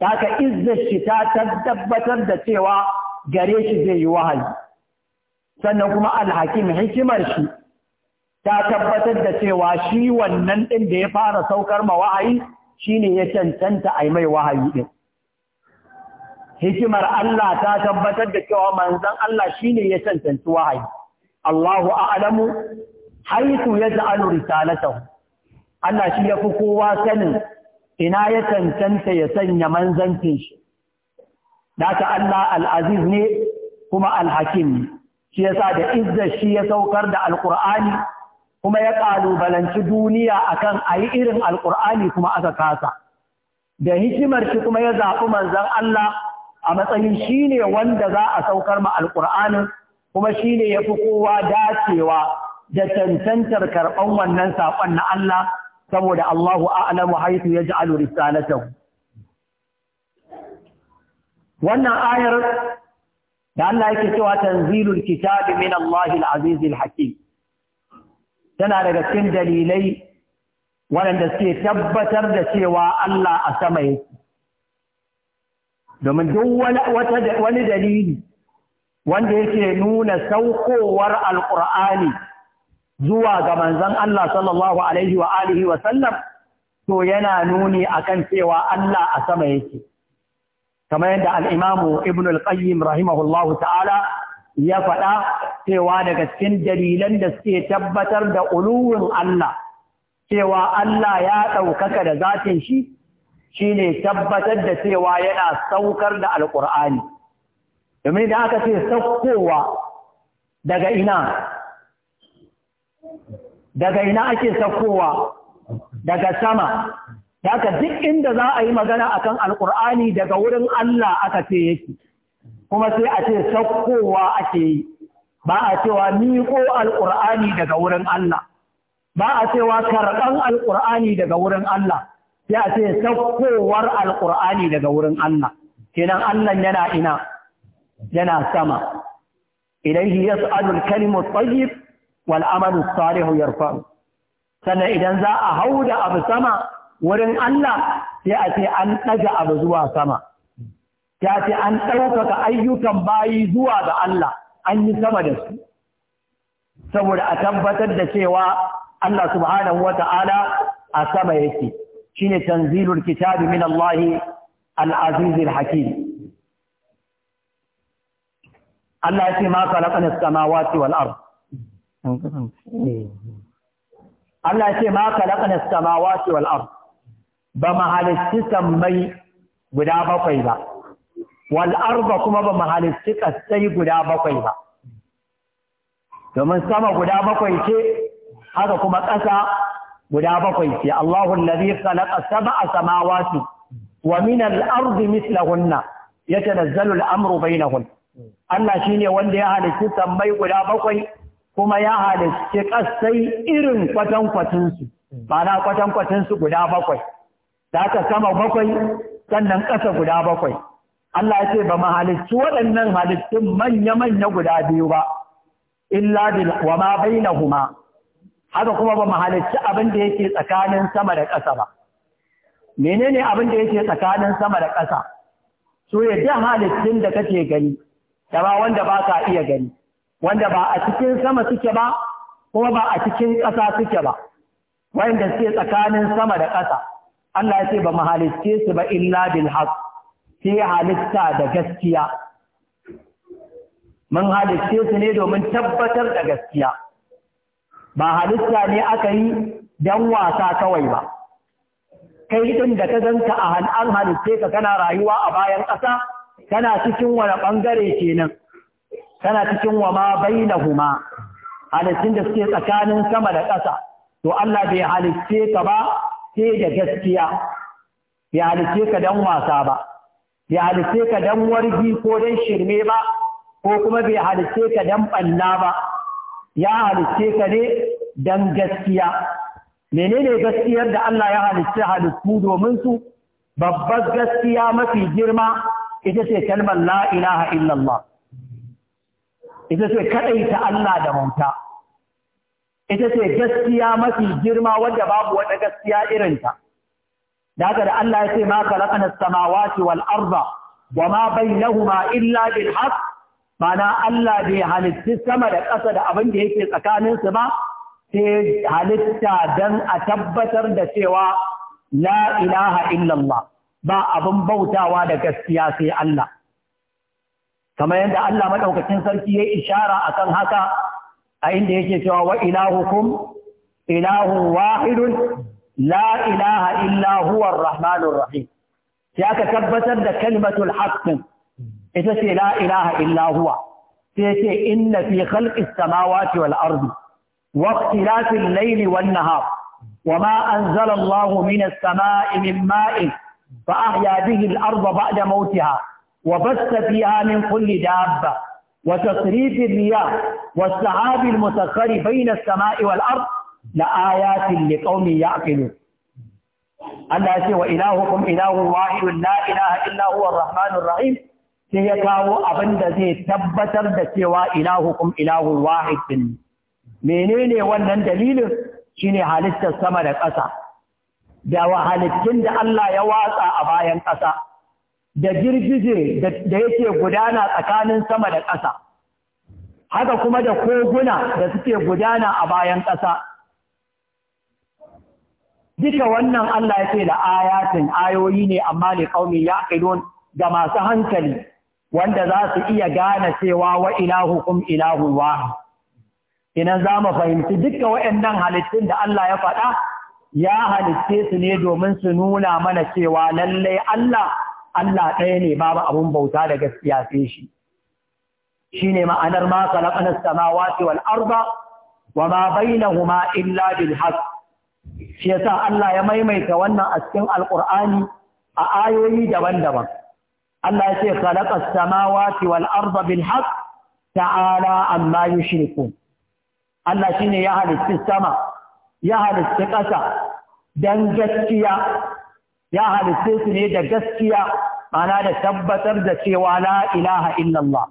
da ka izzar shi ta tabbatar da cewa gare shi zai yi wahayi sannan kuma alhakim hikimar shi ta tabbatar da cewa shi wannan ɗin da ya fara saukar ma wahayi shine ya cancanta a mai wahayi ɗin hikimar Allah ta tabbatar da cewa manzon Allah shine ya cancanci wahayi Allahu a'lamu haitu yaj'alu risalatahu Allah shi yafi kowa sanin ina ya cancanta ya sanya manzancin shi daka Allah al-aziz ne kuma al-hakim shi yasa da izza shi ya saukar da al-qur'ani kuma ya kalubalanci duniya akan ayi irin al-qur'ani kuma aka kasa da hikimar shi kuma ya zaɓi manzon Allah a matsayin shine wanda za a saukar ma al-qur'anin kuma shi ne ya fi kowa dacewa da tantantar karɓan wannan saƙon na Allah saboda Allahu a'lamu haitu ya ja'alu risalatahu wannan ayar da Allah yake cewa tanzilul kitabi min Allahil azizil hakim tana daga cikin dalilai waɗanda suke tabbatar da cewa Allah a sama yake domin duk wani dalili wanda yake nuna saukowar alƙur'ani zuwa ga manzon Allah sallallahu alaihi wa alihi wa sallam to yana nuni akan cewa Allah a sama yake kamar yadda al-Imam Ibn al-Qayyim rahimahullahu ta'ala ya faɗa cewa daga cikin dalilan da suke tabbatar da uluwin Allah cewa Allah ya ɗaukaka da zatin shi shine tabbatar da cewa yana saukar da alƙur'ani domin da aka ce saukowa daga ina daga ina ake saukowa daga sama haka duk inda za a yi magana akan alkur'ani daga wurin Allah aka ce yake kuma sai a ce saukowa ake yi ba a cewa miƙo alkur'ani daga wurin Allah ba a cewa karɓan alkur'ani daga wurin Allah sai a ce saukowar alkur'ani daga wurin Allah kenan Allah yana ina yana sama ilaihi yas'alu al-kalimu at-tayyib wal amalu as sannan idan za a hau da abu sama wurin Allah sai a ce an ɗaga abu zuwa sama ta ce an ɗaukaka ayyukan bayi zuwa ga Allah an yi sama da su saboda a tabbatar da cewa Allah subhanahu wa ta'ala a sama yake shine tanzilul kitabi min Allah al-azizil hakim Allah ya ce ma khalaqana samawati wal ard Allah ya ce ma khalaqana samawati wal ard ba mahalitti sammai guda bakwai ba wal'ar ba kuma ba mahalitti kasai guda bakwai ba domin sama guda bakwai ce haka kuma ƙasa guda bakwai ce Allahu allazi khalaqa sab'a samawati wa min al-ardi mithlahunna yatanazzalu al-amru bainahunna Allah shi ne wanda ya halicci sammai guda bakwai kuma ya halicci ƙasai irin kwatankwacinsu, ba na kwatankwacinsu guda bakwai, da aka sama bakwai sannan ƙasa guda bakwai. Allah ya ce ba mu halicci waɗannan halittun manya-manya guda biyu ba, illa Ladi wa ma bai na huma. haka kuma ba mu halicci abin da yake tsakanin sama da ƙasa ba. Menene abin da yake tsakanin sama da ƙasa? So ya halittun da kake gani, da ba wanda ba ka iya gani wanda ba a cikin sama suke ba kuma ba a cikin ƙasa suke ba wanda suke tsakanin sama da ƙasa Allah ya ce ba mahalicce su ba illa bil haq sai halitta da gaskiya mun halicce su ne domin tabbatar da gaskiya ba halitta ne aka yi don wasa kawai ba kai ɗin da ka zanta a an halitte ka kana rayuwa a bayan ƙasa kana cikin wani ɓangare kenan kana cikin wa ma huma, halittun da suke tsakanin sama da ƙasa to Allah bai halicce ka ba sai da gaskiya bai halicce ka dan wasa ba bai halicce ka dan wargi ko dan shirme ba ko kuma bai halicce ka dan ɓanna ba ya halicce ka ne dan gaskiya menene gaskiyar da Allah ya halicce halittu domin su babbar gaskiya mafi girma ita ce kalmar la illallah ita ce kaɗaita Allah da bauta ita ce gaskiya mafi girma wadda babu wata gaskiya irinta da haka da Allah ya ce ma khalaqana samawati wal arda wa ma bainahuma illa bil haqq mana Allah bai halitta sama da ƙasa da abin da yake tsakanin su ba sai halitta dan a tabbatar da cewa la illallah ba abin bautawa da gaskiya sai Allah kamar yadda Allah maɗaukacin sarki ya ishara akan haka a inda yake cewa wa ilahukum ilahun wahidun la ilaha illa huwa arrahmanur rahim sai aka tabbatar da kalmatul haqqin, ita ce la ilaha illa huwa sai ce inna fi khalqis samawati wal ardi واختلاف الليل والنهار وما أنزل الله من السماء من ma'in. فأحيا به الأرض بعد موتها وبث فيها من كل دابة وتصريف الرياح والسحاب المسخر بين السماء والأرض لآيات لقوم يعقلون الله سوى إلهكم إله واحد لا إله إلا هو الرحمن الرحيم سيكاو أبند دزي تبتر دسوى إلهكم إله واحد منين ونن دليل شيني حالست السمر قصر da wahalittun da Allah ya watsa a bayan ƙasa, da girgije da yake gudana tsakanin sama da ƙasa, haka kuma da koguna da suke gudana a bayan ƙasa. Duka wannan Allah ya ce da ayatin ayoyi ne amma ne ƙaumi ya ga masu hankali wanda za su iya gane cewa wa kum ilahu wa. Inan za mu fahimci duka waɗannan halittun da Allah ya faɗa ya halitte su ne domin su nuna mana cewa lallai Allah Allah ɗaya ne babu abun bauta da gaskiya sai shi shine ma'anar ma khalaqana as-samawati wal wa ma huma illa bil haqq shi yasa Allah ya maimaita wannan a cikin alqur'ani a ayoyi daban-daban Allah ya ce khalaqa as-samawati wal arda bil haqq ta'ala amma yushrikun Allah ne ya halitta sama ya halitta ƙasa don gaskiya ya halitta su ne da gaskiya ana da tabbatar da cewa la ilaha illallah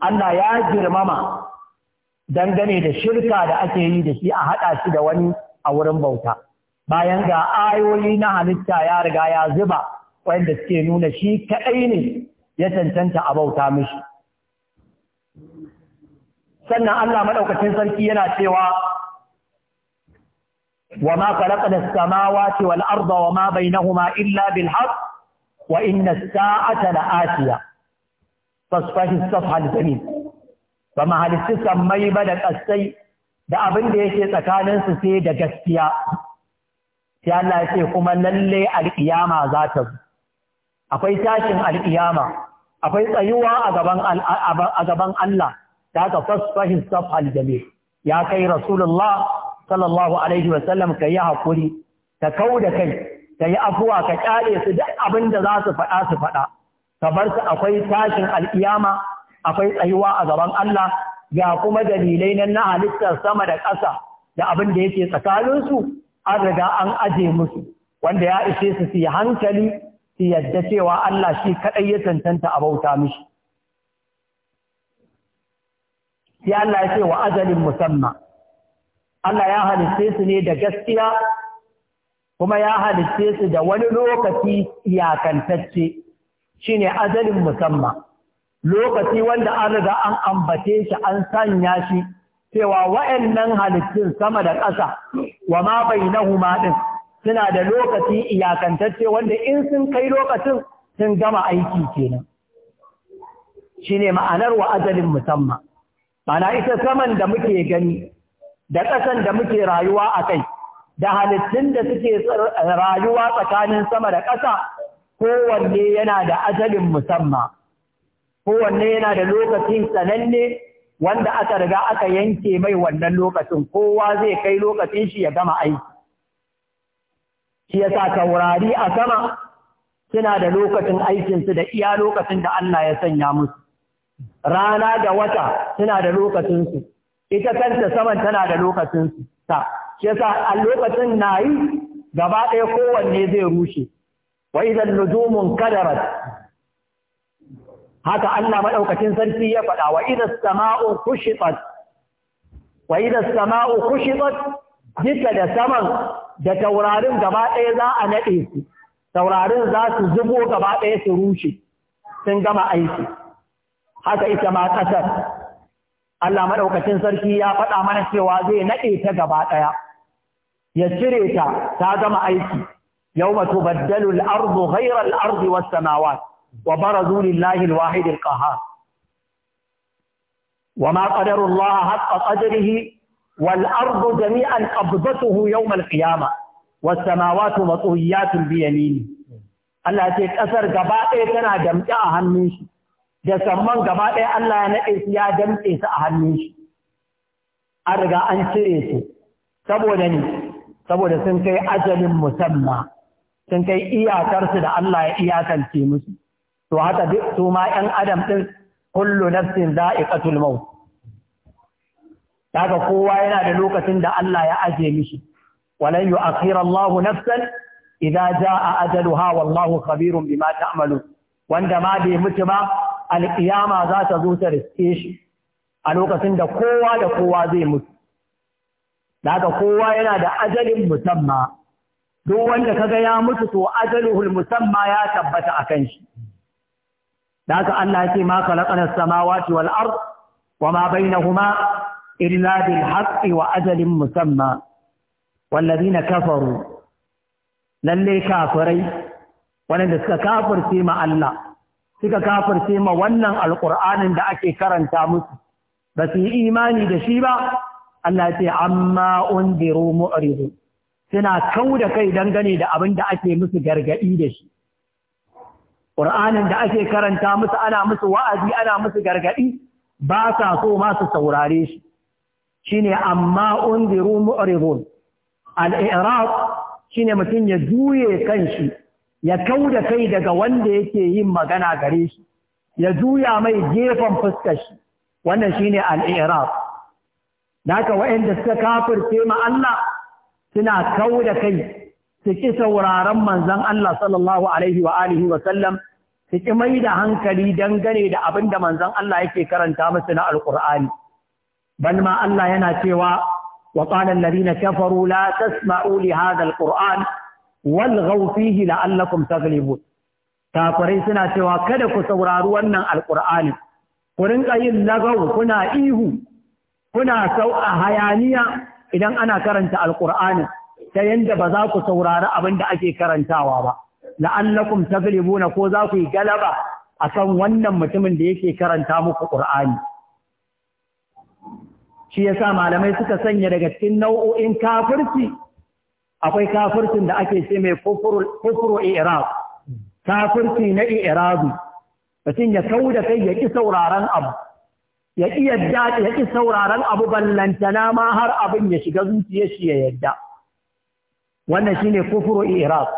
Allah ya girmama dangane da shirka da ake yi da shi a haɗa shi da wani a wurin bauta bayan ga ayoyi na halitta ya riga ya zuba wanda suke nuna shi kaɗai ne ya cancanta a bauta mishi sannan Allah maɗaukacin sarki yana cewa وما خلقنا السماوات والأرض وما بينهما إلا بالحق وإن الساعة لآتية فاصفه الصفحة الجميل فما هل تسمي بدك السي da abin da yake tsakaninsu sai da gaskiya sai Allah ya ce kuma lalle al'iyama za ta zo akwai tashin alkiyama akwai tsayuwa a gaban Allah da ka fasfahi safal jamil ya kai rasulullah sallallahu alaihi wasallam ka yi hakuri ka kau da kai ka yi afuwa ka kyale su duk abin da za su faɗa su faɗa ka bar su akwai tashin alkiyama akwai tsayuwa a gaban Allah ga kuma dalilai nan na halittar sama da ƙasa da abin da yake tsakaninsu an riga an aje musu wanda ya ishe su su hankali su yadda cewa Allah shi kaɗai ya cancanta a bauta mishi. Sai Allah ya ce wa ajalin musamman Allah ya halitte su ne da gaskiya kuma ya halitte su da wani lokaci iyakantacce ne azalin musamma, lokaci wanda an riga an ambace shi an sanya shi cewa wa'annan halittun sama da ƙasa wa ma bainahuma din suna da lokaci iyakantacce wanda in sun kai lokacin sun gama aiki kenan Shi ne ma'anar wa azalin musamman mana ita saman da muke gani da ƙasan da muke rayuwa a kai da halittun da suke rayuwa tsakanin sama da ƙasa kowanne yana da ajalin musamman kowanne yana da lokacin tsananne wanda aka riga aka yanke mai wannan lokacin kowa zai kai lokacin shi ya gama aiki shi yasa taurari a sama suna da lokacin aikinsu da iya lokacin da Allah ya sanya musu rana da wata suna da lokacinsu ita kanta saman tana da lokacin ta shi yasa a lokacin na yi gaba ɗaya kowanne zai rushe wa idan nujumun kadarat haka Allah madaukakin sarki ya faɗa wa idan sama'u kushitat wa idan sama'u kushitat da saman da taurarin gaba ɗaya za a naɗe su taurarin za su zubo gaba ɗaya su rushe sun gama aiki haka ita ma ƙasar Allah madaukakin sarki ya faɗa mana cewa zai nade ta gaba daya ya cire ta ta gama aiki yawma tubaddalu al-ardu ghayra al-ardi was-samawati wa barazu lillahi al-wahid al-qahhar qadara Allah qadrihi wal-ardu jami'an qabdatuhu والأرض al-qiyama was القيامة matuhiyatun bi بيمينه Allah ya ce kasar gaba daya tana damƙe a hannun shi, da samman gaba ɗaya Allah ya naɗe su ya damɗe su a hannun shi an riga an cire su saboda ne saboda sun kai ajalin musamma sun kai iyakarsu da Allah ya iyakance musu to haka duk su ma ‘yan adam ɗin kullu nafsin za'iqatul maut daga kowa yana da lokacin da Allah ya aje mishi walan Allah nafsan a jaa ajaluha wallahu khabirun bima ta'malun wanda ma bai mutu ba alƙiyama za ta zo ta riske shi a lokacin da kowa da kowa zai mutu. Da haka kowa yana da ajalin musamma, duk wanda kaga ya mutu to ajalihul musamma ya tabbata a kan shi. Da haka Allah ce ma kalaƙanar samawati wal ard wa ma bainahuma illa bil haqqi wa ajalin musamma. Wallazina kafaru lalle kafirai waɗanda suka kafirce ma Allah suka kafirce ma wannan alƙur'anin da ake karanta musu ba su yi imani da shi ba Allah ce amma undiru mu'ridu suna kau da kai dangane da abin da ake musu gargadi da shi Qur'anin da ake karanta musu ana musu wa'azi ana musu gargadi, ba sa so ma su saurare shi shine amma undiru mu'ridu al-i'rab shine mutum ya juye kanshi ya kau da kai daga wanda yake yin magana gare shi ya juya mai gefen fuskar shi wannan shine al-i'rab naka wa'anda suka kafirce ma Allah suna kau da kai su ki sauraron manzon Allah sallallahu alaihi wa alihi wa sallam su ki mai da hankali dangane da abin da manzon Allah yake karanta musu na alqur'ani bal ma Allah yana cewa wa qala alladhina kafaru la tasma'u li hadha alqur'an walghaw fihi la'allakum taghlibun kafirai suna cewa kada ku saurari wannan alqur'ani ku rinka yin lagaw kuna ihu kuna sau a hayaniya idan ana karanta alqur'ani ta yanda ba za ku saurari abin da ake karantawa ba la'allakum na ko za ku yi galaba akan wannan mutumin da yake karanta muku qur'ani shi yasa malamai suka sanya daga cikin nau'o'in kafirci akwai kafircin da ake ce mai kufuru iraq kafirci na irazu mutum ya kau da kai ya ƙi sauraron abu ya ƙi yadda ya ƙi sauraron abu ballantana ma har abin ya shiga zuciya shi ya yadda wannan shine kufuru iraq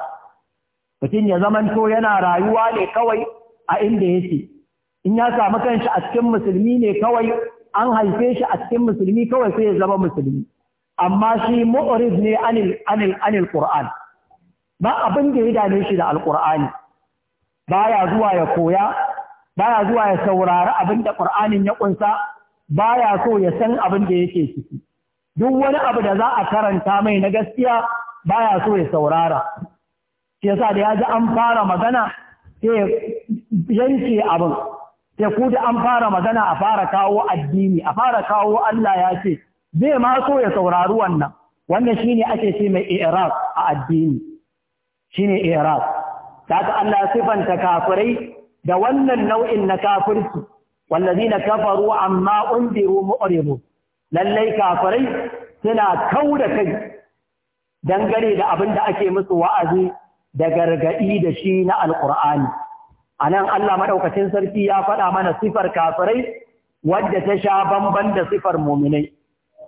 mutum ya zamanto yana rayuwa ne kawai a inda yake in ya samu kanshi a cikin musulmi ne kawai an haife shi a cikin musulmi kawai sai ya zama musulmi amma shi mu'rid ne anil anil anil Qur'an ba abin da ya dame shi da alqur'ani baya zuwa ya koya baya zuwa ya saurari abin da Qur'anin ya kunsa baya so ya san abin da yake ciki duk wani abu da za a karanta mai na gaskiya baya so ya saurara shi yasa da ya ji an fara magana sai yanke abin sai ku da an fara magana a fara kawo addini a fara kawo Allah ya ce zai ma so ya saurari wannan wannan shine ake ce mai i'rab a addini shine i'rab kaga Allah sifanta kafirai da wannan nau'in na kafirci wallazina kafaru amma undiru mu'ridu lallai kafirai suna kauda kai dangane da abin da ake musu wa'azi da gargadi da shi na alqur'ani anan Allah maɗaukacin sarki ya faɗa mana sifar kafirai wadda ta sha bamban da sifar mu'minai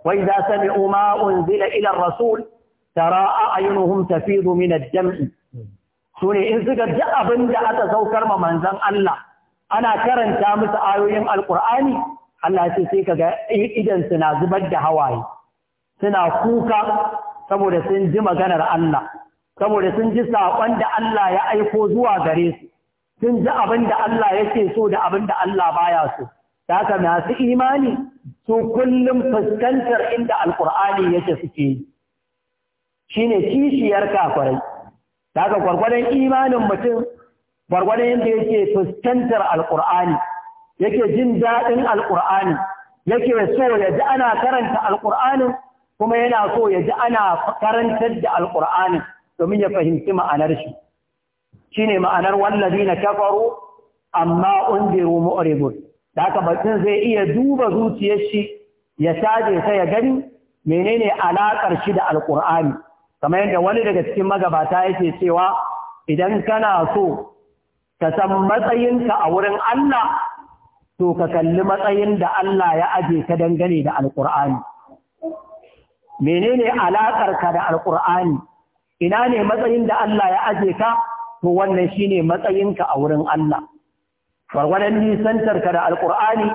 وإذا سمعوا ما أنزل إلى الرسول ترى أعينهم تفيض من الدمع سوني إن سكت جاء بند أتسوكر ممنزن الله أنا كرن تامس آيوين القرآن الله سيسيك إذن سنا زبد هواي سنا كوكا saboda sun ji maganar Allah, saboda sun ji saƙon da Allah ya aiko zuwa gare su, sun ji abin da Allah yake so da abin da Allah baya so, ta haka masu imani su kullum fuskantar inda alkur'ani yake suke yi shine kishiyar kakwarai daga gwargwadon imanin mutum gwargwadon yadda yake fuskantar alkur'ani yake jin daɗin alkur'ani yake so ya ji ana karanta alkur'anin kuma yana so ya ji ana karantar da alkur'anin domin ya fahimci ma'anar shi shine ma'anar na kafaru amma unziru mu'ribun da haka mutum zai iya duba zuciyar shi ya caje sai ya gani menene alaƙar shi da alƙur'ani kamar yadda wani daga cikin magabata yake cewa idan kana so ka san matsayinka a wurin Allah to ka kalli matsayin da Allah ya aje ka dangane da alƙur'ani menene alaƙar ka da alƙur'ani ina ne matsayin da Allah ya aje ka to wannan shine matsayinka a wurin Allah gwargwadon nisantarka da alkur'ani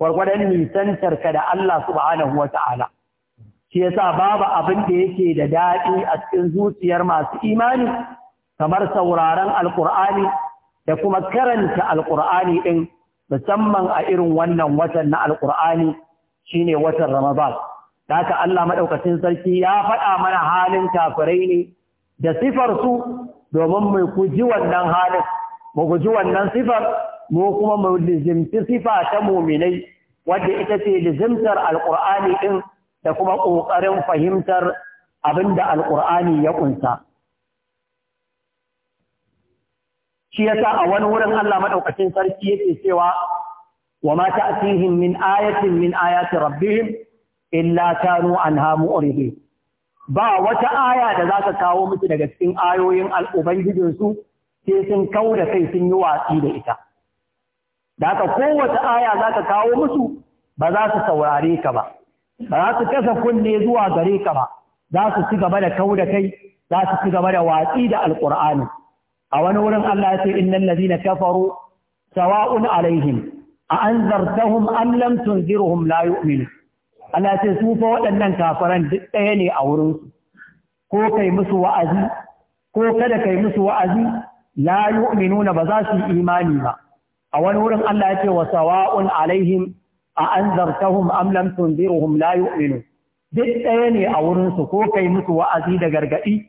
gwargwadon nisantarka da Allah subhanahu wa ta'ala shi yasa babu abin da yake da daɗi a cikin zuciyar masu imani kamar sauraron alkur'ani da kuma karanta alkur'ani ɗin musamman a irin wannan watan na alkur'ani shine watan ramadan da haka Allah maɗaukacin sarki ya faɗa mana halin kafirai ne da sifar su domin mu guji wannan halin mu guji wannan sifar mu kuma mu lizimci sifa ta muminai wanda ita ce lizimtar alƙur'ani ɗin da kuma ƙoƙarin fahimtar abinda da alƙur'ani ya ƙunsa. Shi yasa a wani wurin Allah maɗaukacin sarki yake cewa wa ma ta'tihim min ayatin min ayati rabbihim illa kanu anha mu'ridin. Ba wata aya da za ka kawo musu daga cikin ayoyin al'ubangijinsu sai sun kauda da kai sun yi watsi da ita. da haka kowace aya za ka kawo musu ba za su saurare ka ba ba za su kasa kunne zuwa gare ka ba za su ci gaba da kau da kai za su ci gaba da watsi da Alkur'ani. a wani wurin Allah ya ce innal ladina kafaru sawa'un alaihim a anzartahum am lam tunzirhum la yu'minu Allah ce su fa waɗannan kafaran duk ɗaya ne a wurin su ko kai musu wa'azi ko kada kai musu wa'azi la yu'minuna ba za su yi imani ba a wani wurin Allah ya ce wa sawa'un alaihim a anzartahum am lam tunzirhum la yu'minu duk ɗaya ne a wurin su ko kai musu wa'azi da gargadi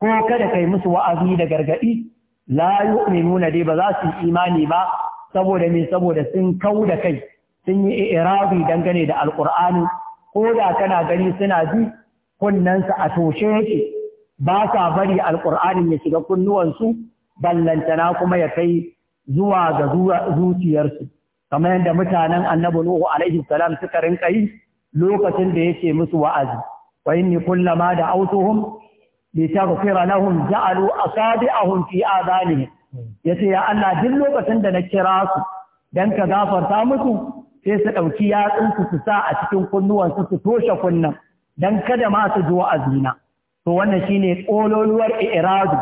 ko kada kai musu wa'azi da gargadi la yu'minuna dai ba za su imani ba saboda me saboda sun kau da kai sun yi irabi dangane da alqur'ani ko da kana gani suna ji kunnensa a toshe yake ba sa bari alqur'ani ya shiga kunnuwansu ballantana kuma ya kai zuwa ga zuciyarsu kamar yadda mutanen annabi Nuhu alaihi salam suka rinka yi lokacin da yake musu wa'azi wa inni kullama da autuhum li taghfira lahum ja'alu asabi'ahum fi adanihim yace ya Allah duk lokacin da na kira su dan ka gafarta musu sai su dauki yatsun su su sa a cikin kunnuwan su su toshe kunnan dan kada ma su ji wa'azina to wannan shine kololuwar i'radu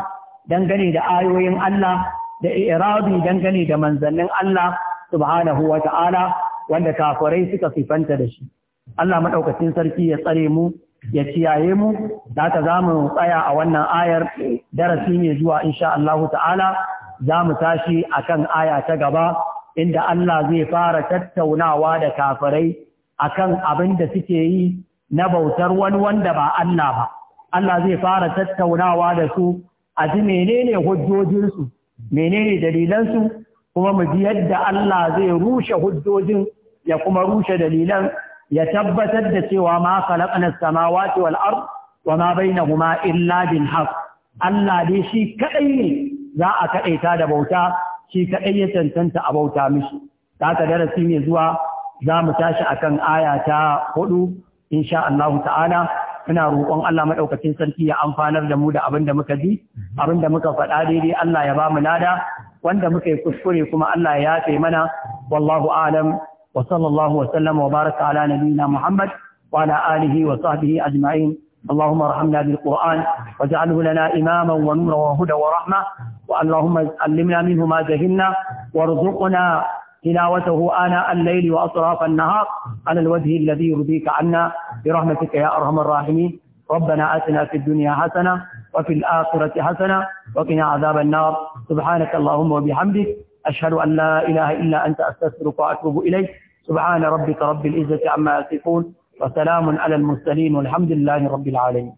dangane da ayoyin Allah da Irabi dangane da manzannin Allah subhanahu wa ta'ala wanda kafirai suka sifanta da shi Allah madaukakin sarki ya tsare mu ya ciyaye mu da ka zamu tsaya a wannan ayar darasi ne zuwa insha Allah ta'ala mu tashi kan aya ta gaba inda Allah zai fara tattaunawa da kafirai akan abin da suke yi na bautar wani wanda ba Allah ba Allah zai fara tattaunawa da su a ji menene hujjojinsu menene dalilansu kuma mu ji yadda Allah zai rushe hujjojin ya kuma rushe dalilan ya tabbatar da cewa ma khalaqna samawati wal ard wa ma bainahuma illa bil haqq Allah dai shi kadai ne za a kadaita da bauta shi kadai ya tantanta a bauta mishi haka darasi ne zuwa za mu tashi akan aya ta hudu insha Allah ta'ala muna roƙon Allah maɗaukacin sarki ya amfanar da mu da abin da muka ji abin da muka faɗa daidai Allah ya ba mu lada wanda muka yi kuskure kuma Allah ya yafe mana wallahu alam wa sallallahu wa wa baraka ala nabiyyina Muhammad wa ala alihi wa sahbihi ajma'in اللهم ارحمنا بالقرآن واجعله لنا إماما ونورا وهدى ورحمة اللهم علمنا منه ما جهلنا وارزقنا تلاوته آناء الليل وأطراف النهار على الوجه الذي يرضيك عنا برحمتك يا أرحم الراحمين ربنا أتنا في الدنيا حسنة وفي الآخرة حسنة وقنا عذاب النار سبحانك اللهم وبحمدك أشهد أن لا إله إلا أنت أستغفرك وأتوب إليك سبحان ربك رب العزة عما يصفون وسلام على المرسلين والحمد لله رب العالمين